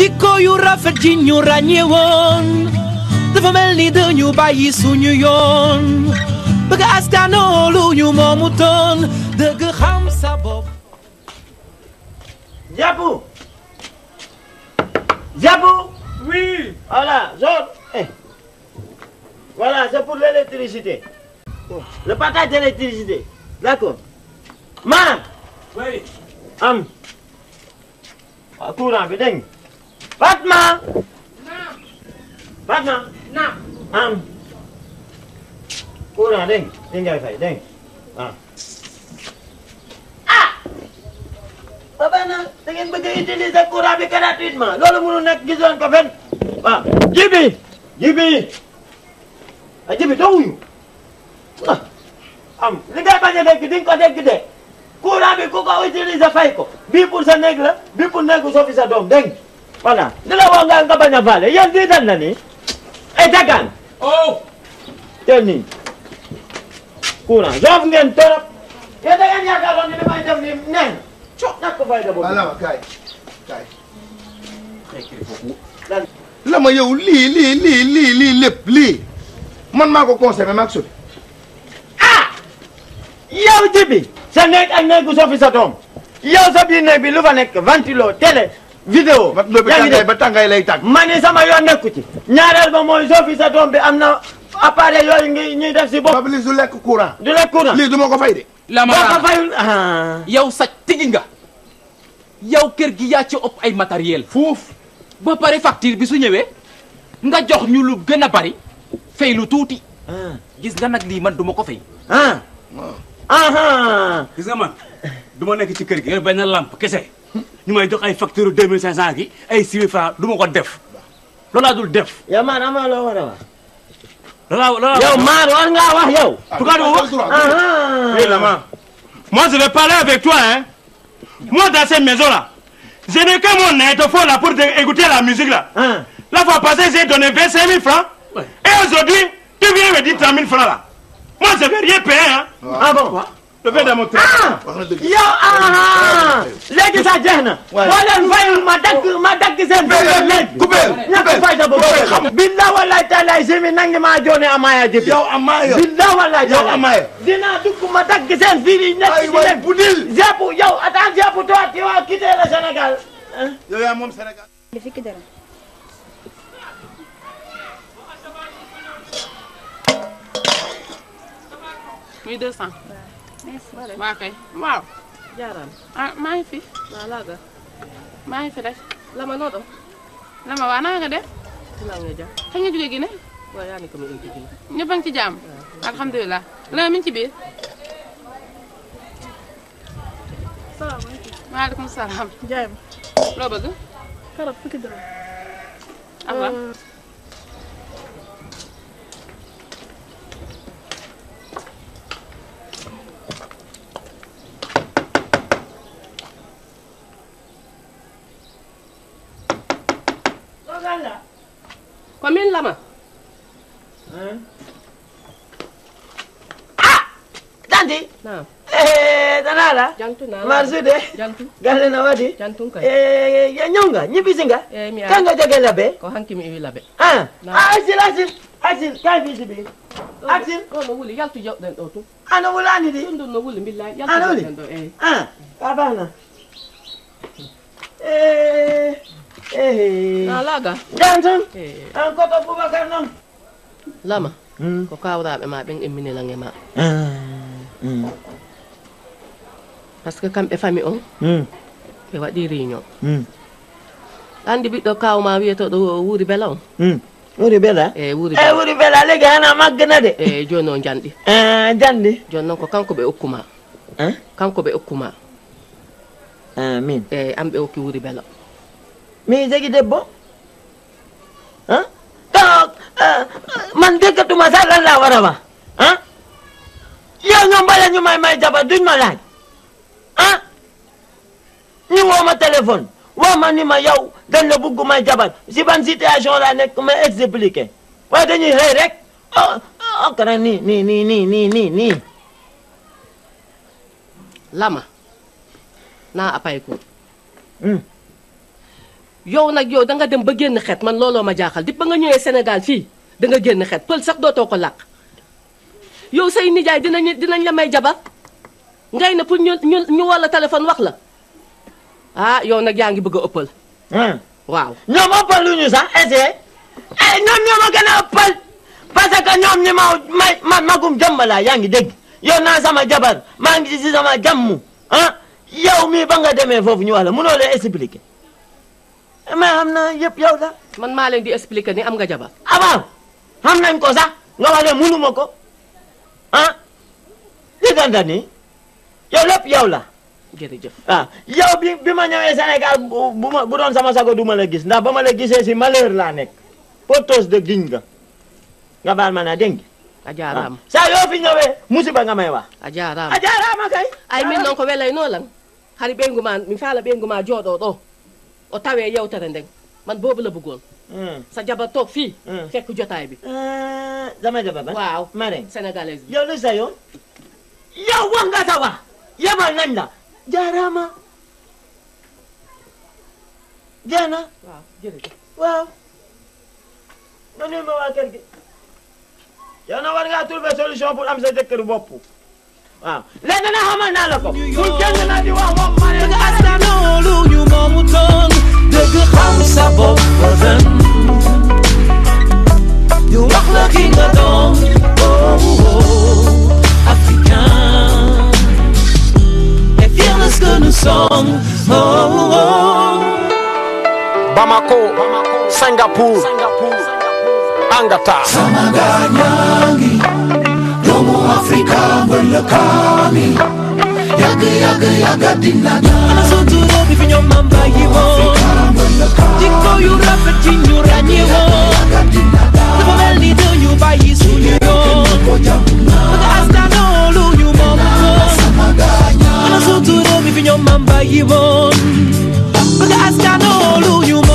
jikko yu rafet ji ñu ràññee woon dafa mel ni dañu bàyyi suñu yoon bëgg askanoo lu ñu moomu toon dëgg xam sa bopp. Diabou. Diabou. oui. voilà zone. Eh. voilà c'est pour l'électricité. le partage d'électricité d'accord. maanaam. oui. Ah, bi dégg Fatma. naam. Fatma. naam. am. courant dégg nga dégg nga fay dégg nga ah. papa na da ngeen bëgg a utiliser courant bi gratuitement loolu mënu nekk gisoon ko fen jibi jibi a ah, jibi doo ah. am li ngay bañ a dégg di nga ko dégg de courant bi ku ko utiliser fay ko bii pour sa néeg la bii pour néegu soo fi sa Bana, nilawanga ngabanya vale. Yanzita nani? Hey, Takan. Oh. Tell me. Kuna, job ngen torap. Yada yan yakalo ni may dam ni nen. Chok na ko bayda bo. Ala kay. la ma yow lii lii lii lii lii lépp lii man maa ko conseillé maag subi ah yow jibi sa néeg ak néegu sofi sa doom yow sa biir néeg bi lu fa nekk ventilo vidéo yaa ngi dégg ba tàngaay lay tàgg. ma ni sama yoon nekku ci. ñaareel ba mooy soo fi sa doom bi am na appareil yooyu ngi ñuy def si bopp. Fabrice lii du lekk courant. du lekk courant lii du ko fay de. la ma ko fayul ah. yow sax tigi nga. yow kër gi yaa ci ëpp ay matériel foofu ba pare facture bi su ñëwee nga jox ñu lu gën a bari fay lu tuuti. Ah. gis nga nag lii man duma ko fay. Ah. ah. gis nga man du ma nekk ci kër gi. yor benn làmp kese. ñu may jox ay facture deux mille cinq cent ki ay six mille francs du ma ko def loolu laa dul def. yow man amaa loo war a wax. loolu laa yow man war ngaa wax yow. pourquoi du ma wax oui maman. moi je vais parler avec toi hein. moi dans cette maison là. je n'ai que mon étoffo là pour écouter la musique là. Hein? Ah. la fois passée j'ai donné vingt cinq mille francs. Ouais. et aujourd'hui tu viens me dire trente mille francs là. moi je vais rien payer hein. Ah bon. lu fee demoo trop yow ah, ah, ah, ah. léegi sax jeex na. waaye boo leen fayul ma dagg ma dagg seen. kubéer léegi kubéer ñàkk fayda boobu xam. bilaa walaay taalaay si mi nangi maa joone amaaya jëf. yow amaaya bilaa walaay yow amaaya. dinaa dugg ma dagg seen fii di nekk di leen budil. jàpp yow attends jàpp toi tu vas quitter le Sénégal. yow yaa moom Sénégal. muy 200. waa waaw. Ah, maa ngi fi. waaw laaga. maa ngi fi rek. lama noo doon. lama waa naa nga def. dinaa nga jàpp. kañ nga jógee Guinée. waaw yaa ngi ko mën a jógee. ñëpp a ngi ci jaam alhamdulilah lama mi ci biir. salaamaaleykum. salaam. Ndiaye ma. loo bëgg. karab fukki dërëm. ganda ko min lama eh? ah tanti naam tanaa la naa de galle na wadi jantu kay eh ñëw eh, eh, nga ñibbisi nga kan nga jóge labe ko hanki mi wi labe ah asil asil asil kay fi sibi asil ko di ndon ah ka bana nalaga jan tan eh. an koto boubacar noon lama hmm. ko kawraɓe ma ɓen emmini lange ma ah. hmm. par ce que kamɓe fami on hmm. ɓe waɗi réunion andi ɓiɗɗo kaw ma wiyeto ɗo wuuri bela on wuuri bela eyi eh, wuuri eyi eh, wuuri bela legi hana maggana de eyi joni noon janɗi ah, janɗi joni noon ko kanko ɓe okkuma ah? kanko ɓe okkuma amin eyi an ɓe okki wuuri musique debbo ah donc euh, man déggatuma sax lan laa war ah yow ñoom bala ñu may may jabar duñ ma laaj ah ñu woo ma téléphone ni ma yow dañ la bugg may jabar si ban situation laa nekk ma expliqué waaye dañuy xëy rek okra oh, oh, oh, nii nii nii nii nii nii nii lama naa apay ko hmm. yow nag yow da nga dem ba génn xet man looloo ma jaaxal di ba nga ñëwee senegal fii danga génn xet pël sax dootoo ko làq yow say nijaay dinañ dinañ la may jabar ngay ne pour ñu ñu ñu wala téléphone wax la ah yow nag ngi bëgg a ëppal. waaw ñoom ëppaluñu eh ma a ëppal parce que ñoom ma may ma magum jëmm laa yaa ngi dégg yow naa sama jabar maa ngi ci sama jàmm ah yow mii ba nga demee foofu ñu wax la mënoo leen expliquer. mais xam yépp yëpp yow da man maa leen di expliquer ni am nga jabar ah waaw xam nañ ko sax nga wax ne mënu ma ah li ganda nii yow lépp yow la jërëjëf waaw ah, yow bi bi ma ñëwee sa bu bu doon sama sago du la gis ndax ba ma la gisee si malheur laa nekk potos de giñ nga nga baal ma naa dégg nga a jaaraama ah, saa yoo fi musiba nga may wax a jaaraama kay ay min noon ko welay noo lan hari ɓe ngu ma mi faala ɓe o tawee yow tere ndeng man boobu la bëggoon. Hmm. sa jabar toog fii. Hmm. fekk jotaay bi. Eh, dama jabar ba. waaw marraine sénégalaise bi. yow lu sa yoon. yow wax nga sa wax. yabal nañ la. jaaraama. jeex na. waaw jërëjëf. waaw. ma nuyu ma waa kër gi. yow na war ngaa trouver solution pour am sa jëkkër bopp. waaw léegi nag xamal la ko. pour kenn na di wax moom ma ne. sa bopp ba gën ñu wax la ki nga doon oh africain et fier de Bamako Singapour Angata sama gaañ yaa ngi doomu Afrika mbënd kaami yàgg yàgg yàgg dina ñaan you born. But that's got no you.